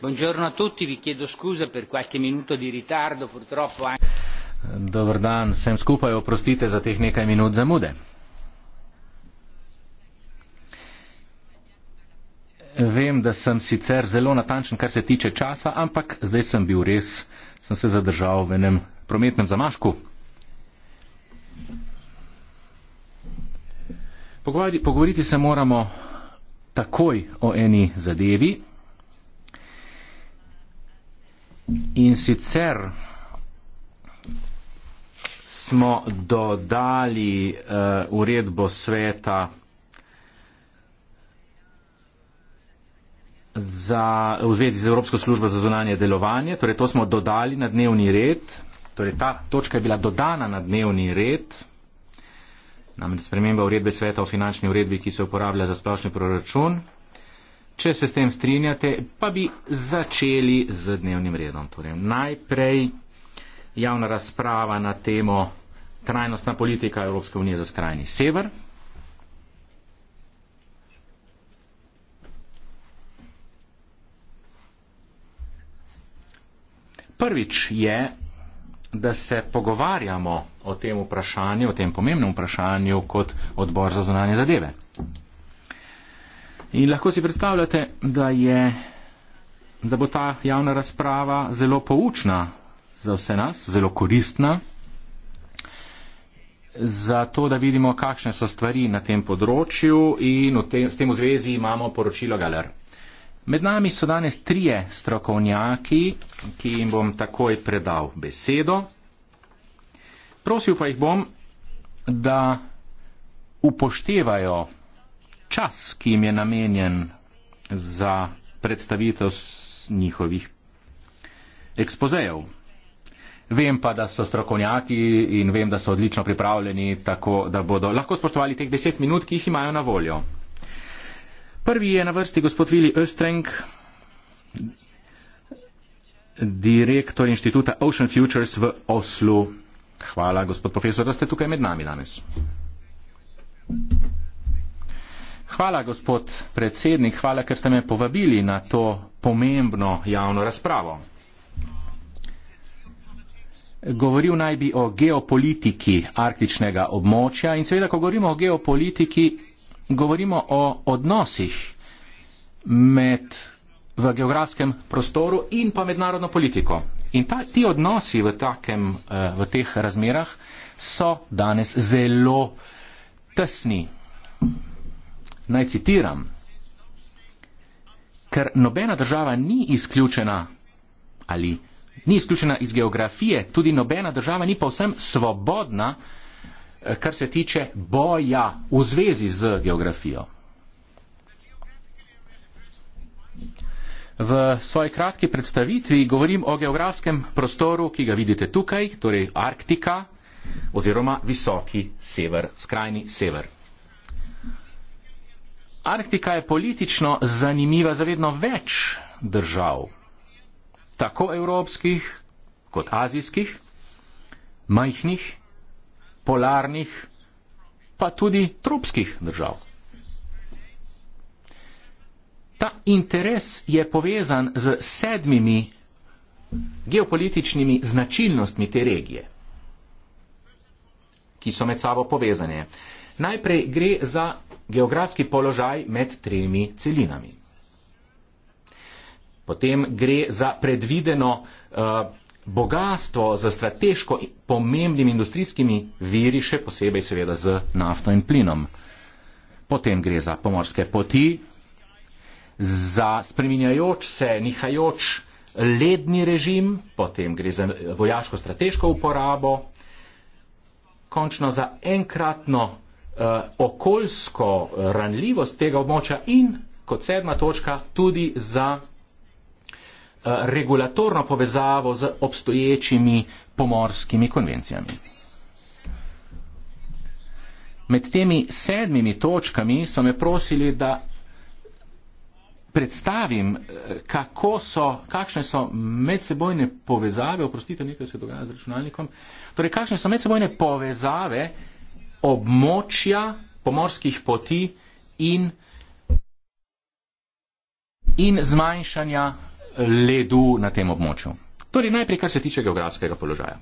Buongiorno a tutti, vi chiedo scusa per qualche minuto di ritardo, purtroppo anche... Dobr dan, sem skupaj, oprostite za teh nekaj minut zamude. Vem, da sem sicer zelo natančen, kar se tiče časa, ampak zdaj sem bil res, sem se zadržal v enem prometnem zamašku. Pogovoriti se moramo takoj o eni zadevi, In sicer smo dodali uh, uredbo sveta za, v zvezi z Evropsko službo za zunanje delovanje, torej to smo dodali na dnevni red, torej ta točka je bila dodana na dnevni red, namreč sprememba uredbe sveta o finančni uredbi, ki se uporablja za splošni proračun. Če se s tem strinjate, pa bi začeli z dnevnim redom. Torej, najprej javna razprava na temo trajnostna politika Evropske unije za skrajni sever. Prvič je, da se pogovarjamo o tem vprašanju, o tem pomembnem vprašanju kot odbor za zunanje zadeve. In lahko si predstavljate, da, je, da bo ta javna razprava zelo poučna za vse nas, zelo koristna, za to, da vidimo, kakšne so stvari na tem področju in v tem, s tem v zvezi imamo poročilo Galer. Med nami so danes trije strokovnjaki, ki jim bom takoj predal besedo. Prosil pa jih bom, da upoštevajo čas, ki jim je namenjen za predstavitev njihovih ekspozejev. Vem pa, da so strokovnjaki in vem, da so odlično pripravljeni, tako da bodo lahko spoštovali teh deset minut, ki jih imajo na voljo. Prvi je na vrsti gospod Vili Östreng, direktor inštituta Ocean Futures v Oslu. Hvala, gospod profesor, da ste tukaj med nami danes. Thank you. Hvala, gospod predsednik, hvala, ker ste me povabili na to pomembno javno razpravo. Govoril naj bi o geopolitiki arktičnega območja in seveda, ko govorimo o geopolitiki, govorimo o odnosih med v geografskem prostoru in pa mednarodno politiko. In ta, ti odnosi v, takem, eh, v teh razmerah so danes zelo tesni naj citiram, ker nobena država ni izključena ali ni izključena iz geografije, tudi nobena država ni povsem svobodna, eh, kar se tiče boja v zvezi z geografijo. V svoji kratki predstavitvi govorim o geografskem prostoru, ki ga vidite tukaj, torej Arktika oziroma visoki sever, skrajni sever. Arktika je politično zanimiva za vedno več držav, tako evropskih kot azijskih, majhnih, polarnih, pa tudi tropskih držav. Ta interes je povezan z sedmimi geopolitičnimi značilnostmi te regije ki so med sabo povezane. Najprej gre za geografski položaj med tremi celinami. Potem gre za predvideno uh, eh, bogatstvo z strateško pomembnimi industrijskimi viri, še posebej seveda z nafto in plinom. Potem gre za pomorske poti, za spreminjajoč se, nihajoč ledni režim, potem gre za vojaško strateško uporabo, končno za enkratno eh, okoljsko eh, ranljivost tega območja in kot sedma točka tudi za eh, regulatorno povezavo z obstoječimi pomorskimi konvencijami. Med temi sedmimi točkami so me prosili, da predstavim, eh, kako so, kakšne so medsebojne povezave, oprostite, nekaj se dogaja z računalnikom, torej kakšne so medsebojne povezave območja pomorskih poti in, in zmanjšanja ledu na tem območju. Torej najprej, kar se tiče geografskega položaja.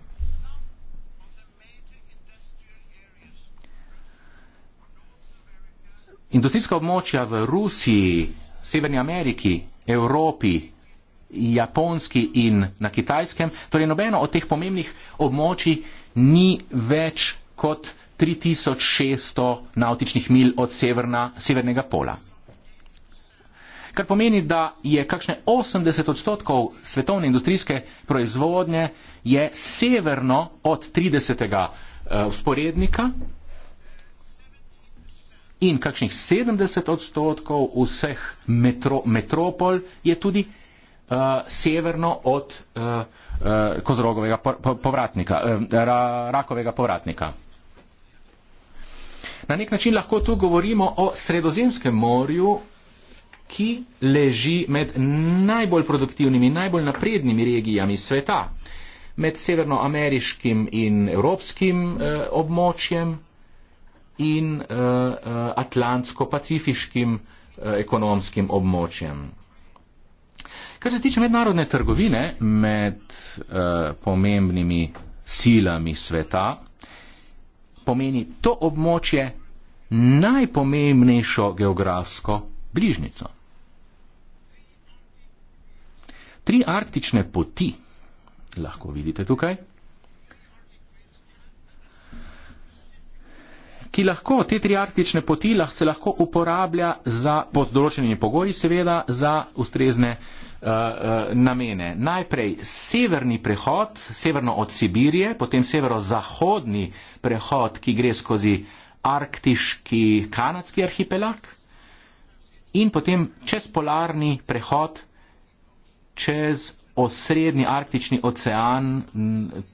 Industrijska območja v Rusiji Severni Ameriki, Evropi, Japonski in na Kitajskem, torej nobeno od teh pomembnih območij ni več kot 3600 nautičnih mil od severna, severnega pola. Kar pomeni, da je kakšne 80 odstotkov svetovne industrijske proizvodnje je severno od 30. usporednika, uh, in kakšnih 70 odstotkov vseh metro, metropol je tudi uh, severno od uh, eh, uh, eh, kozorogovega povratnika, uh, ra, rakovega povratnika. Na nek način lahko tu govorimo o sredozemskem morju, ki leži med najbolj produktivnimi, najbolj naprednimi regijami sveta, med severnoameriškim in evropskim eh, območjem, in uh, atlantsko-pacifiškim uh, ekonomskim območjem. Kar se tiče mednarodne trgovine med uh, pomembnimi silami sveta, pomeni to območje najpomembnejšo geografsko bližnico. Tri arktične poti lahko vidite tukaj. ki lahko te tri arktične poti lahko se lahko uporablja za, pod določenimi pogoji, seveda za ustrezne uh, namene. Najprej severni prehod, severno od Sibirije, potem severozahodni prehod, ki gre skozi arktiški kanadski arhipelag in potem čez polarni prehod čez osrednji arktični ocean,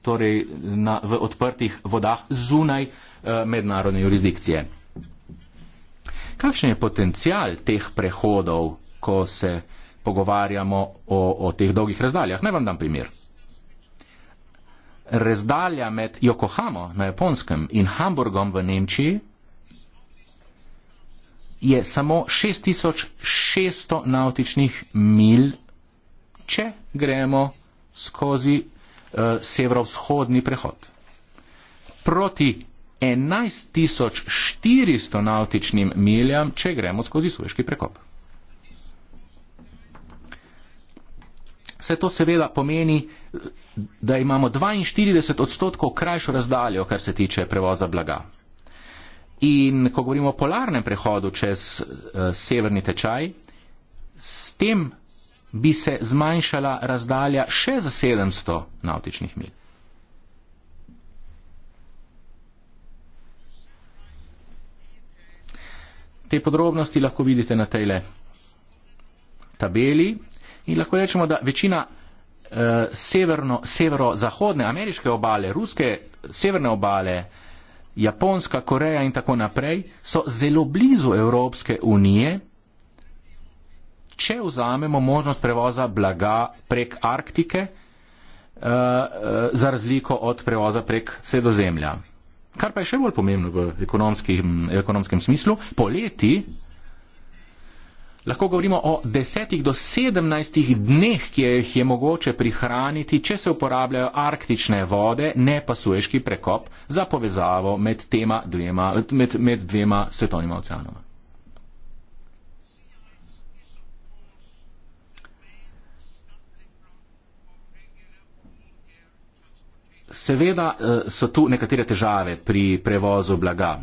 torej na, v odprtih vodah zunaj eh, mednarodne jurisdikcije. Kakšen je potencial teh prehodov, ko se pogovarjamo o, o teh dolgih razdaljah? Naj vam dam primer. Razdalja med Yokohamo na Japonskem in Hamburgom v Nemčiji je samo 6600 nautičnih milj če gremo skozi uh, severovzhodni prehod. Proti 11400 nautičnim miljam, če gremo skozi Sueški prekop. Vse to seveda pomeni, da imamo 42 odstotkov krajšo razdaljo, kar se tiče prevoza blaga. In ko govorimo o polarnem prehodu čez uh, severni tečaj, s tem bi se zmanjšala razdalja še za 700 nautičnih mil. Te podrobnosti lahko vidite na tej tabeli in lahko rečemo, da večina eh, severno, severozahodne ameriške obale, ruske severne obale, Japonska, Koreja in tako naprej so zelo blizu Evropske unije, če vzamemo možnost prevoza blaga prek Arktike, eh, eh, za razliko od prevoza prek sredozemlja. Kar pa je še bolj pomembno v ekonomskem, ekonomskem smislu, poleti lahko govorimo o desetih do sedemnajstih dneh, ki jih je mogoče prihraniti, če se uporabljajo arktične vode, ne pa sueški prekop za povezavo med, tema dvema, med, med dvema svetovnima oceanoma. Seveda eh, so tu nekatere težave pri prevozu blaga.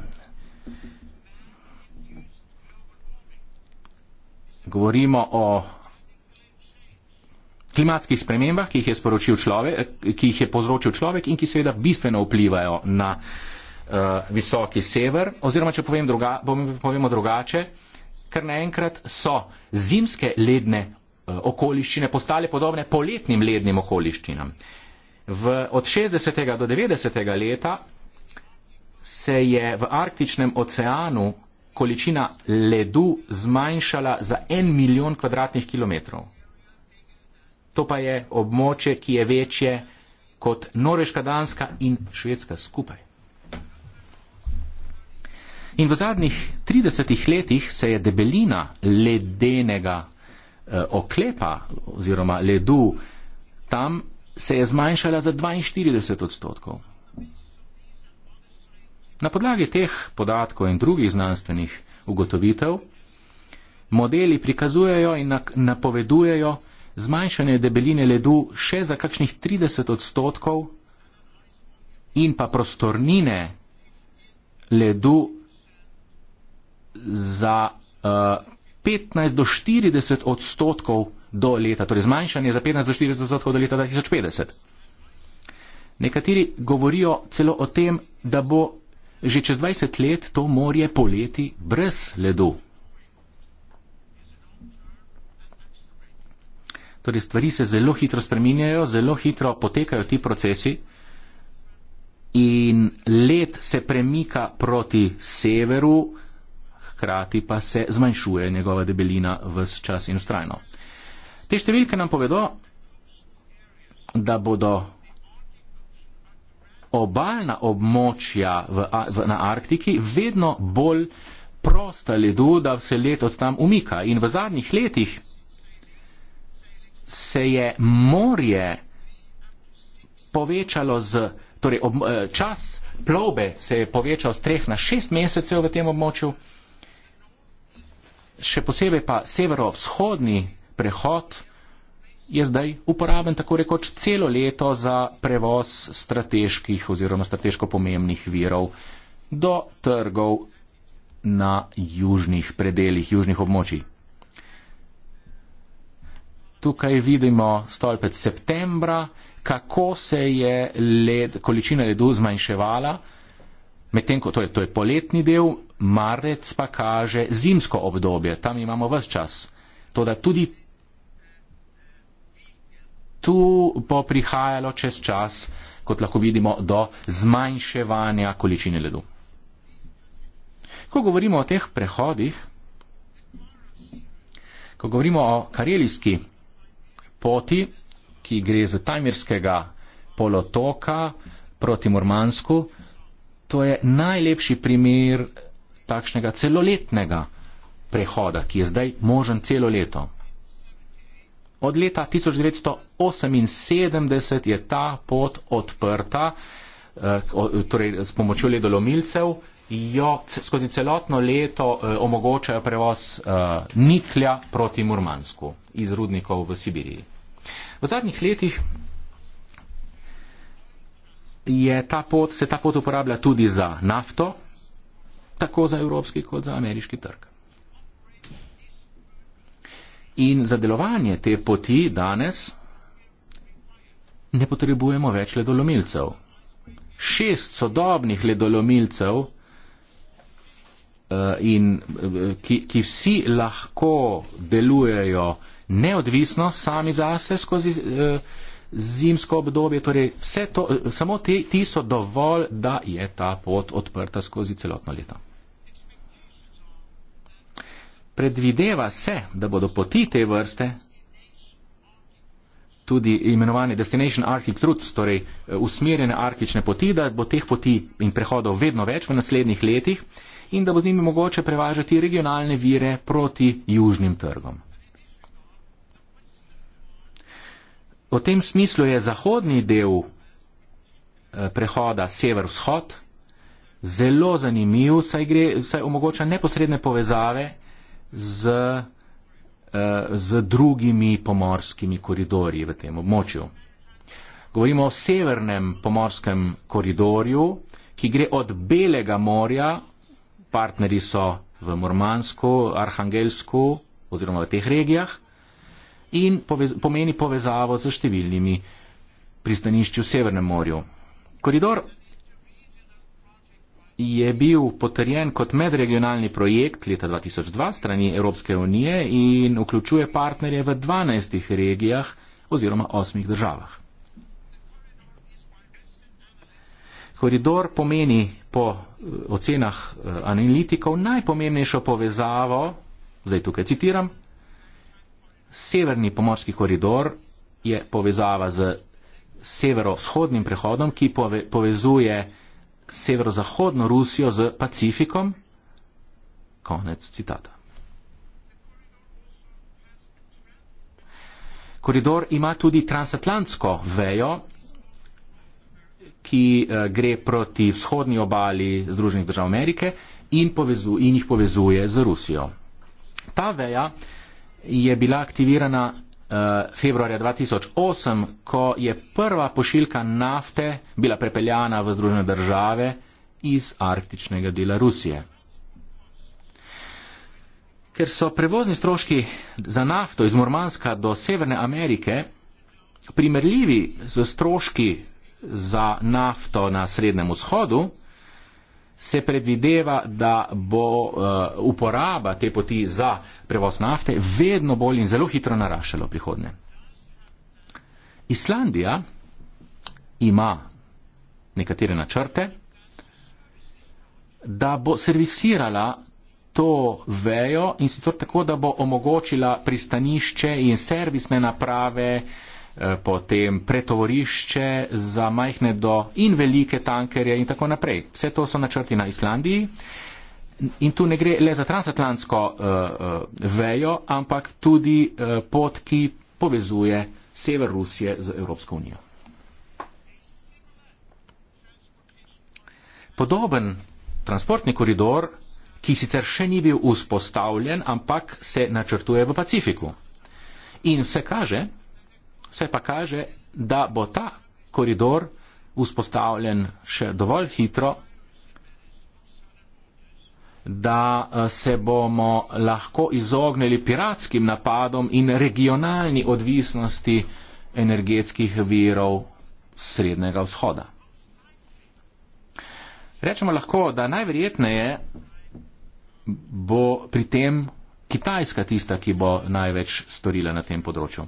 Govorimo o klimatskih spremembah, ki jih je, človek, eh, ki jih je povzročil človek in ki seveda bistveno vplivajo na uh, visoki sever. Oziroma, če povem druga, bom, povemo drugače, ker naenkrat so zimske ledne okoliščine postale podobne poletnim lednim okoliščinam v, od 60. do 90. leta se je v Arktičnem oceanu količina ledu zmanjšala za en milijon kvadratnih kilometrov. To pa je območje, ki je večje kot Norveška, Danska in Švedska skupaj. In v zadnjih 30 letih se je debelina ledenega eh, oklepa oziroma ledu tam se je zmanjšala za 42 odstotkov. Na podlagi teh podatkov in drugih znanstvenih ugotovitev modeli prikazujejo in napovedujejo zmanjšanje debeline ledu še za kakšnih 30 odstotkov in pa prostornine ledu za uh, eh, 15 do 40 odstotkov do leta, torej zmanjšanje za 15 do 40 odstotkov do leta 2050. Nekateri govorijo celo o tem, da bo že čez 20 let to morje poleti brez ledu. Torej stvari se zelo hitro spreminjajo, zelo hitro potekajo ti procesi in led se premika proti severu, hkrati pa se zmanjšuje njegova debelina v čas in ustrajno. Te številke nam povedo, da bodo obaljna območja v, v, na Arktiki vedno bolj prosta ledu, da se let od tam umika. In v zadnjih letih se je morje povečalo z, torej ob, eh, čas plovbe se je povečal z treh na šest mesecev v tem območju, še posebej pa severovzhodni prehod je zdaj uporaben tako rekoč celo leto za prevoz strateških oziroma strateško pomembnih virov do trgov na južnih predeljih, južnih območij. Tukaj vidimo stolpec septembra, kako se je led, količina ledu zmanjševala, medtem ko to je, to je poletni del, marec pa kaže zimsko obdobje, tam imamo vse čas. Toda tudi tu pa prihajalo čez čas, kot lahko vidimo, do zmanjševanja količine ledu. Ko govorimo o teh prehodih, ko govorimo o karelijski poti, ki gre z Tajmirskega polotoka proti Murmansku, to je najlepši primer takšnega celoletnega prehoda, ki je zdaj možen celo leto. Od leta 1978 je ta pot odprta, eh, torej s pomočjo ledolomilcev jo skozi celotno leto eh, omogočajo prevoz eh, niklja proti Murmansku iz rudnikov v Sibiriji. V zadnjih letih je ta pot, se ta pot uporablja tudi za nafto, tako za evropski kot za ameriški trg. In za delovanje te poti danes ne potrebujemo več ledolomilcev. Šest sodobnih ledolomilcev, uh, in, eh, ki, ki vsi lahko delujejo neodvisno sami zase skozi uh, zimsko obdobje, torej to, samo te, ti so dovolj, da je ta pot odprta skozi celotno leto predvideva se, da bodo poti te vrste, tudi imenovane Destination Arctic Truths, torej eh, usmerjene arktične poti, da bo teh poti in prehodov vedno več v naslednjih letih in da bo z njimi mogoče prevažati regionalne vire proti južnim trgom. V tem smislu je zahodni del eh, prehoda sever-vzhod zelo zanimiv, saj, gre, saj omogoča neposredne povezave z, eh, z drugimi pomorskimi koridorji v tem območju. Govorimo o severnem pomorskem koridorju, ki gre od Belega morja, partneri so v Murmansku, Arhangelsku oziroma v teh regijah in povez pomeni povezavo z številnimi pristanišči v Severnem morju. Koridor je bil potrjen kot medregionalni projekt leta 2002 strani Evropske unije in vključuje partnerje v 12 regijah oziroma 8 državah. Koridor pomeni po eh, ocenah eh, analitikov najpomembnejšo povezavo, zdaj tukaj citiram, severni pomorski koridor je povezava z severovzhodnim prehodom, ki pove, povezuje severozahodno Rusijo z Pacifikom. Konec citata. Koridor ima tudi transatlantsko vejo, ki eh, gre proti vzhodni obali Združenih držav Amerike in, povezu, in jih povezuje z Rusijo. Ta veja je bila aktivirana Eh, februarja 2008, ko je prva pošiljka nafte bila prepeljana v Združene države iz arktičnega dela Rusije. Ker so prevozni stroški za nafto iz Murmanska do Severne Amerike primerljivi z stroški za nafto na Srednjem vzhodu, se predvideva, da bo uh, uporaba te poti za prevoz nafte vedno bolj in zelo hitro naraščala v prihodnje. Islandija ima nekatere načrte, da bo servisirala to vejo in sicer tako, da bo omogočila pristanišče in servisne naprave uh, Eh, potem pretovorišče za majhne do in velike tankerje in tako naprej. Vse to so načrti na Islandiji. In tu ne gre le za transatlantsko uh, vejo, ampak tudi uh, pot, ki povezuje sever Rusije z Evropsko unijo. Podoben transportni koridor, ki sicer še ni bil vzpostavljen, ampak se načrtuje v Pacifiku. In vse kaže, Vse pa kaže, da bo ta koridor vzpostavljen še dovolj hitro, da eh, se bomo lahko izognili piratskim napadom in regionalni odvisnosti energetskih virov Srednjega vzhoda. Rečemo lahko, da najverjetneje bo pri tem Kitajska tista, ki bo največ storila na tem področju.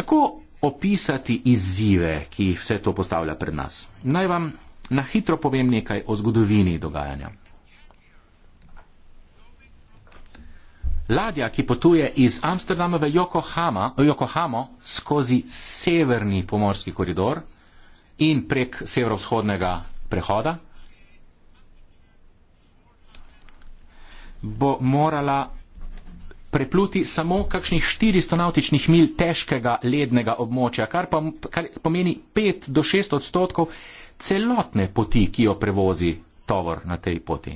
Kako opisati izzive, ki vse to postavlja pred nas? Naj vam na hitro povem nekaj o zgodovini dogajanja. Ladja, ki potuje iz Amsterdama v Yokohamo skozi severni pomorski koridor in prek severovzhodnega prehoda, bo morala prepluti samo kakšnih 400 nautičnih mil težkega lednega območja, kar, pa, kar pomeni 5 do 6 odstotkov celotne poti, ki jo prevozi tovor na tej poti.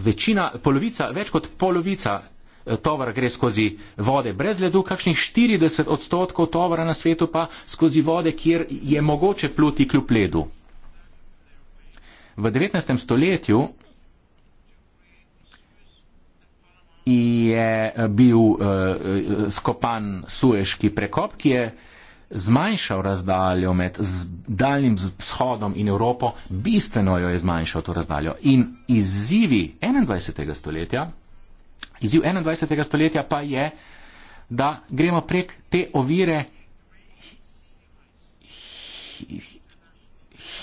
Večina, polovica, več kot polovica eh, tovora gre skozi vode brez ledu, kakšnih 40 odstotkov tovora na svetu pa skozi vode, kjer je mogoče pluti kljub ledu. V 19. stoletju je eh, bil uh, skopan sueški prekop, ki je zmanjšal razdaljo med daljnim vzhodom in Evropo, bistveno jo je zmanjšal to razdaljo. In izzivi 21. stoletja, izziv 21. stoletja pa je, da gremo prek te ovire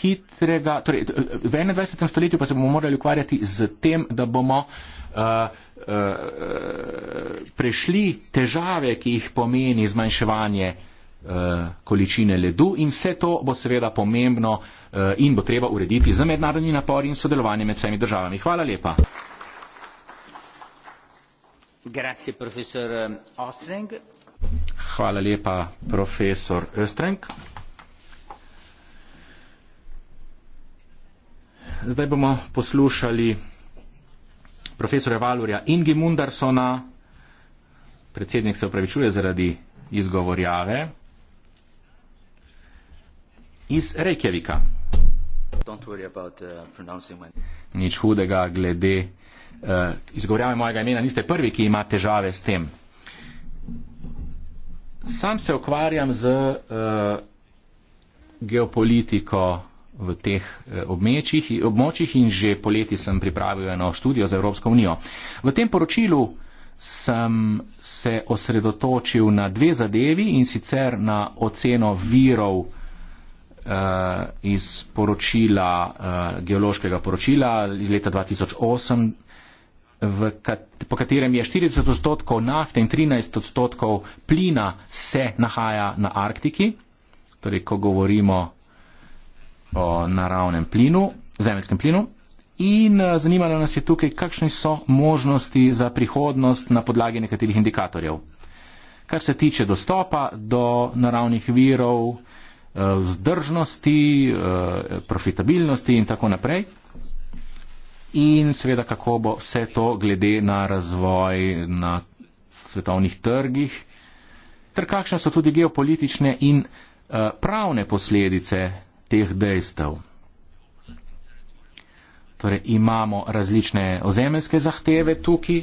hitrega, torej v 21. stoletju pa se bomo morali ukvarjati z tem, da bomo uh, Eh, prešli težave, ki jih pomeni zmanjševanje eh, količine ledu in vse to bo seveda pomembno eh, in bo treba urediti za mednarodni napor in sodelovanje med vsemi državami. Hvala lepa. Grazie, profesor Ostreng. Hvala lepa, profesor Ostreng. Zdaj bomo poslušali profesora Valurja Ingi Mundarsona. Predsednik se opravičuje zaradi izgovorjave. Iz Reykjavika. Uh, Nič hudega glede uh, izgovorjave mojega imena. Niste prvi, ki ima težave s tem. Sam se okvarjam z uh, geopolitiko v teh eh, območjih, območjih in že poleti sem pripravil eno študijo za Evropsko unijo. V tem poročilu sem se osredotočil na dve zadevi in sicer na oceno virov eh, iz poročila, eh, geološkega poročila iz leta 2008, v kat po katerem je 40 odstotkov nafte in 13 odstotkov plina se nahaja na Arktiki. Torej, ko govorimo o naravnem plinu, zemeljskem plinu. In eh, zanimalo nas je tukaj, kakšne so možnosti za prihodnost na podlagi nekaterih indikatorjev. Kar se tiče dostopa do naravnih virov, eh, vzdržnosti, eh, profitabilnosti in tako naprej. In seveda, kako bo vse to glede na razvoj na svetovnih trgih, ter kakšne so tudi geopolitične in pravne posledice teh dejstev. Torej, imamo različne ozemeljske zahteve tukaj.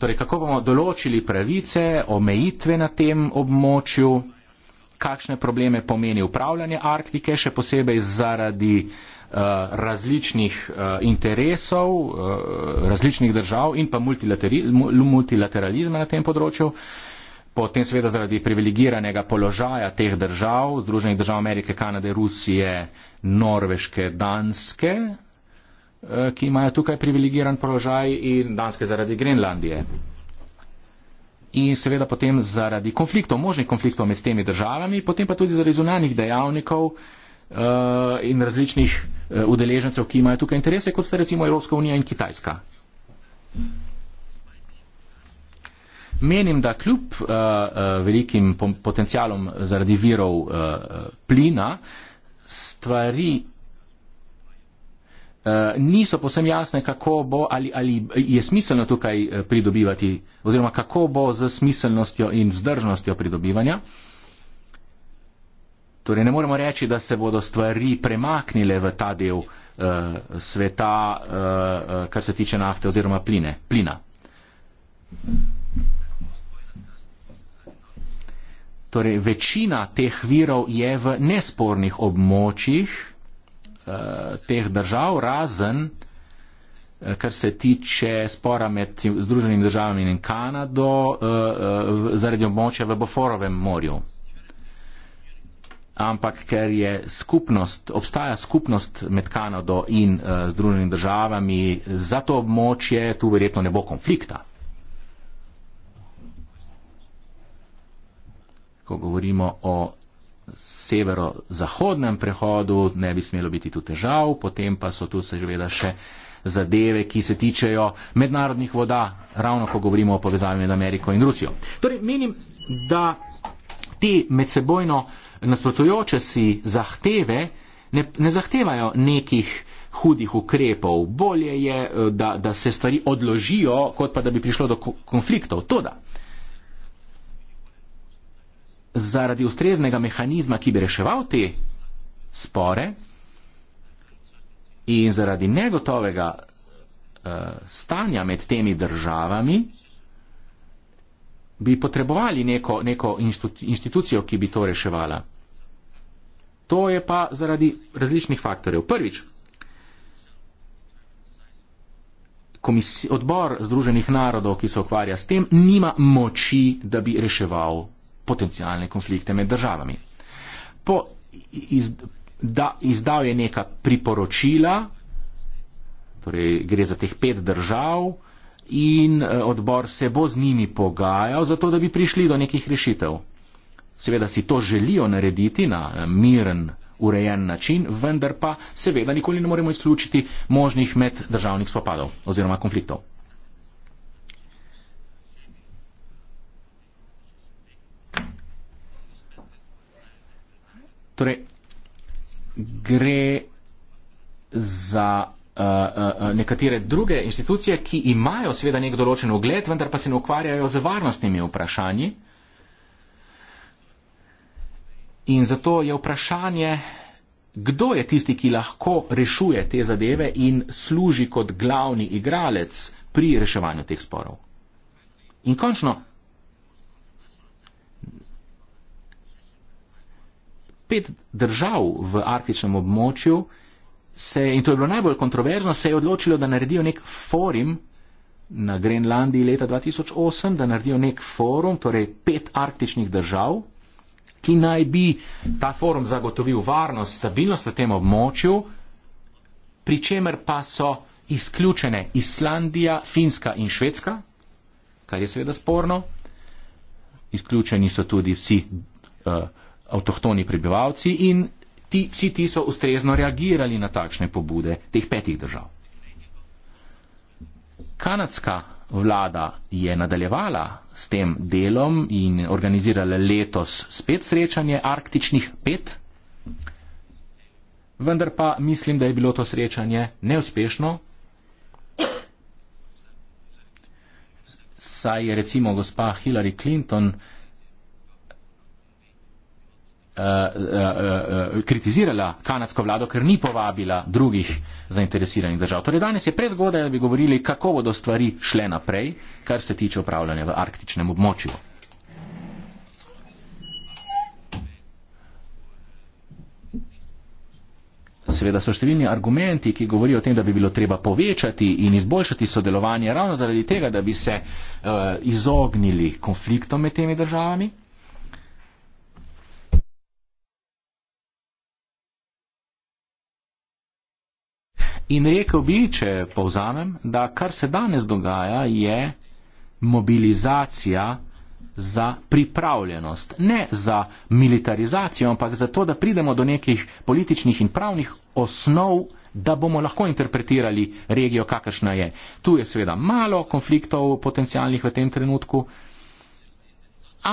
Torej, kako bomo določili pravice, omejitve na tem območju, kakšne probleme pomeni upravljanje Arktike, še posebej zaradi uh, Eh, različnih eh, interesov, eh, različnih držav in pa multilateralizma na tem področju. Potem seveda zaradi privilegiranega položaja teh držav, Združenih držav Amerike, Kanade, Rusije, Norveške, Danske, ki imajo tukaj privilegiran položaj in Danske zaradi Grenlandije. In seveda potem zaradi konfliktov, možnih konfliktov med temi državami, potem pa tudi zaradi zunanjih dejavnikov, Eh, in različnih eh, udeležencev, ki imajo tukaj interese, kot sta recimo Evropska unija in Kitajska. Menim, da kljub uh, velikim potencijalom zaradi virov uh, plina stvari uh, niso posem jasne, kako bo ali, ali je smiselno tukaj pridobivati oziroma kako bo z smiselnostjo in vzdržnostjo pridobivanja. Uh, Torej, ne moremo reči, da se bodo stvari premaknile v ta del uh, sveta, uh, uh, kar se tiče nafte oziroma pline, plina. Torej, večina teh virov je v nespornih območjih uh, teh držav, razen kar se tiče spora med Združenimi državami in Kanado uh, uh, zaradi območja v Boforovem morju ampak ker je skupnost, obstaja skupnost med Kanado in uh, Združenimi državami za to območje, tu verjetno ne bo konflikta. Ko govorimo o severozahodnem prehodu, ne bi smelo biti tu težav, potem pa so tu seveda še zadeve, ki se tičejo mednarodnih voda, ravno ko govorimo o povezavi med Ameriko in Rusijo. Torej, menim, da te medsebojno nasprotujoče si zahteve ne, ne zahtevajo nekih hudih ukrepov. Bolje je, eh, da, da se stvari odložijo, kot pa da bi prišlo do konfliktov. Toda, zaradi ustreznega mehanizma, ki bi reševal te spore in zaradi negotovega uh, stanja med temi državami, bi potrebovali neko, neko institucijo, ki bi to reševala. To je pa zaradi različnih faktorjev. Prvič, komisij, odbor Združenih narodov, ki se ukvarja s tem, nima moči, da bi reševal potencijalne konflikte med državami. Po, iz, da, izdal je neka priporočila, torej gre za teh pet držav, in eh, odbor se bo z njimi pogajal, zato da bi prišli do nekih rešitev. Seveda si to želijo narediti na eh, miren, urejen način, vendar pa seveda nikoli ne moremo izključiti možnih meddržavnih spopadov oziroma konfliktov. Torej, gre za Eh, eh, eh, nekatere druge institucije, ki imajo seveda nek določen ogled, vendar pa se ne ukvarjajo z varnostnimi vprašanji. In zato je vprašanje, kdo je tisti, ki lahko rešuje te zadeve in služi kot glavni igralec pri reševanju teh sporov. In končno, pet držav v arktičnem območju se, in to je bilo najbolj kontroverzno, se je odločilo, da naredijo nek forum na Grenlandiji leta 2008, da naredijo nek forum, torej pet arktičnih držav, ki naj bi ta forum zagotovil varnost, stabilnost na tem območju, pri čemer pa so izključene Islandija, Finska in Švedska, kar je seveda sporno. Izključeni so tudi vsi uh, avtohtoni prebivalci in ti, vsi ti so ustrezno reagirali na takšne pobude teh petih držav. Kanadska vlada je nadaljevala s tem delom in organizirala letos spet srečanje arktičnih pet, vendar pa mislim, da je bilo to srečanje neuspešno. Saj je recimo gospa Hillary Clinton Eh, eh, eh, kritizirala kanadsko vlado, ker ni povabila drugih zainteresiranih držav. Torej danes je prezgodaj, da bi govorili, kako bodo stvari šle naprej, kar se tiče upravljanja v arktičnem območju. Seveda so številni argumenti, ki govorijo o tem, da bi bilo treba povečati in izboljšati sodelovanje ravno zaradi tega, da bi se uh, izognili konfliktom med temi državami. In rekel bi, če povzamem, da kar se danes dogaja, je mobilizacija za pripravljenost. Ne za militarizacijo, ampak za to, da pridemo do nekih političnih in pravnih osnov, da bomo lahko interpretirali regijo, kakršna je. Tu je seveda malo konfliktov potencialnih v tem trenutku,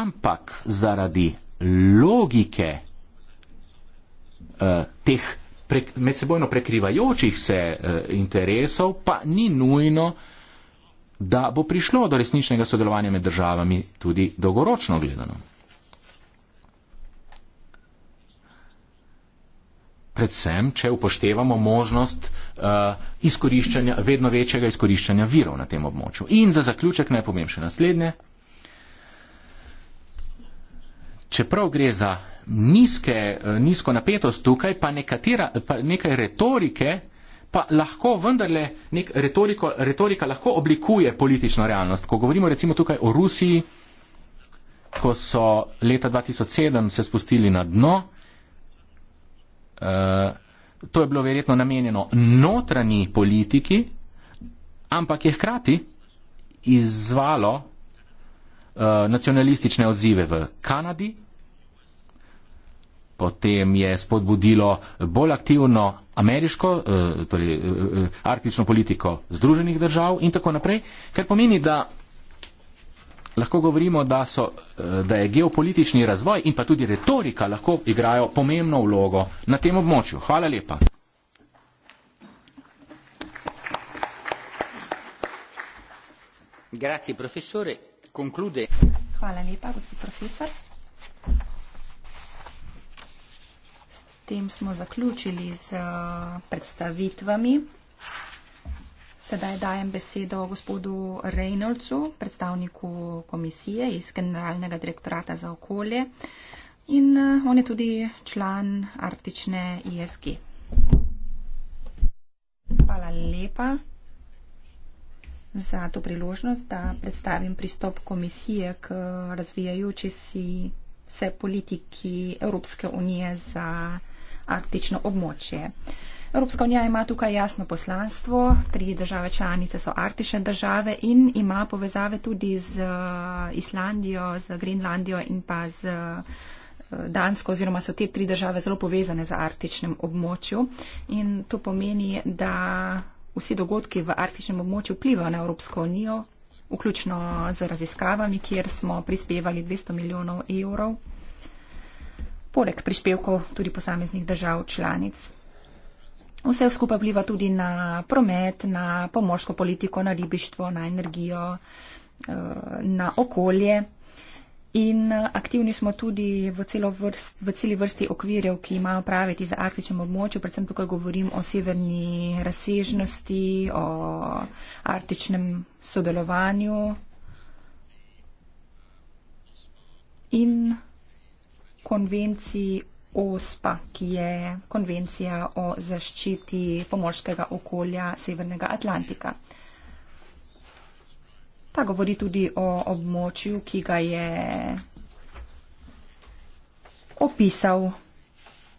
ampak zaradi logike eh, teh prek, medsebojno prekrivajočih se uh, interesov, pa ni nujno, da bo prišlo do resničnega sodelovanja med državami tudi dolgoročno gledano. Predvsem, če upoštevamo možnost uh, izkoriščanja, vedno večjega izkoriščanja virov na tem območju. In za zaključek najpomembnejše naslednje. Čeprav gre za nizke, eh, nizko napetost tukaj, pa, nekatera, pa nekaj retorike, pa lahko vendarle nek retoriko, retorika lahko oblikuje politično realnost. Ko govorimo recimo tukaj o Rusiji, ko so leta 2007 se spustili na dno, eh, to je bilo verjetno namenjeno notranji politiki, ampak je hkrati izvalo eh, nacionalistične odzive v Kanadi, potem je spodbudilo bolj aktivno ameriško, eh, torej eh, eh, arktično politiko Združenih držav in tako naprej, kar pomeni, da lahko govorimo, da, so, da je geopolitični razvoj in pa tudi retorika lahko igrajo pomembno vlogo na tem območju. Hvala lepa. Grazie, Hvala lepa, gospod profesor. tem smo zaključili z eh, predstavitvami. Sedaj dajem besedo gospodu Reynoldsu, predstavniku komisije iz Generalnega direktorata za okolje in eh, on je tudi član Arktične ISG. Hvala lepa za to priložnost, da predstavim pristop komisije k razvijajoči si vse politiki Evropske unije za arktično območje. Evropska unija ima tukaj jasno poslanstvo, tri države članice so arktične države in ima povezave tudi z eh, Islandijo, z Grenlandijo in pa z eh, Dansko oziroma so te tri države zelo povezane z arktičnem območju in to pomeni, da vsi dogodki v arktičnem območju vplivajo na Evropsko unijo, vključno z raziskavami, kjer smo prispevali 200 milijonov evrov poleg prispevkov tudi posameznih držav članic. Vse skupaj vpliva tudi na promet, na pomorsko politiko, na ribištvo, na energijo, eh, na okolje. In eh, aktivni smo tudi v, vrst, v celi vrsti okvirjev, ki imajo praviti za arktičem območju. Predvsem tukaj govorim o severni razsežnosti, o arktičnem sodelovanju. In konvenciji OSPA, ki je konvencija o zaščiti pomorskega okolja Severnega Atlantika. Ta govori tudi o območju, ki ga je opisal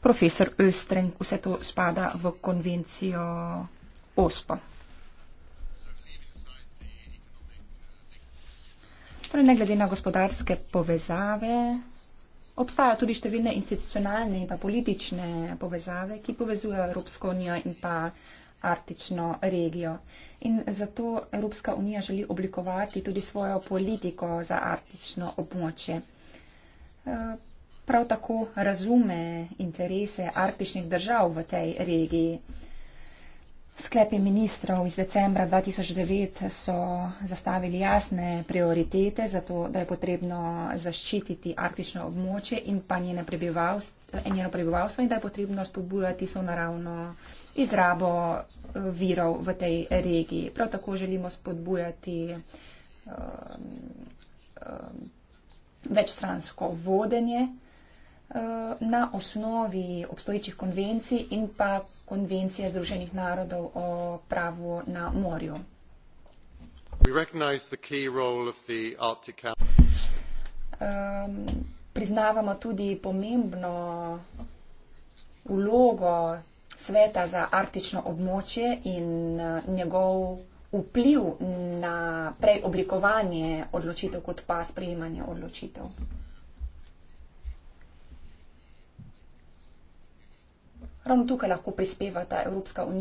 profesor Östren. Vse to spada v konvencijo OSPA. Torej, ne glede na gospodarske povezave, Obstajajo tudi številne institucionalne in politične povezave, ki povezujejo Evropsko unijo in pa Artično regijo. In zato Evropska unija želi oblikovati tudi svojo politiko za Artično območje. Eh, prav tako razume interese artičnih držav v tej regiji. Sklepi ministrov iz decembra 2009 so zastavili jasne prioritete za to, da je potrebno zaščititi arktično območje in pa njeno prebivalstvo, eh, njeno prebivalstvo in da je potrebno spodbujati so naravno izrabo eh, virov v tej regiji. Prav tako želimo spodbujati um, um, večstransko vodenje. Eh, na osnovi obstoječih konvencij in pa konvencije Združenih narodov o pravu na morju. Priznavamo tudi pomembno vlogo sveta za arktično območje in eh, njegov vpliv na preoblikovanje odločitev kot pa sprejemanje odločitev. ravno tukaj lahko prispevata Evropska unija.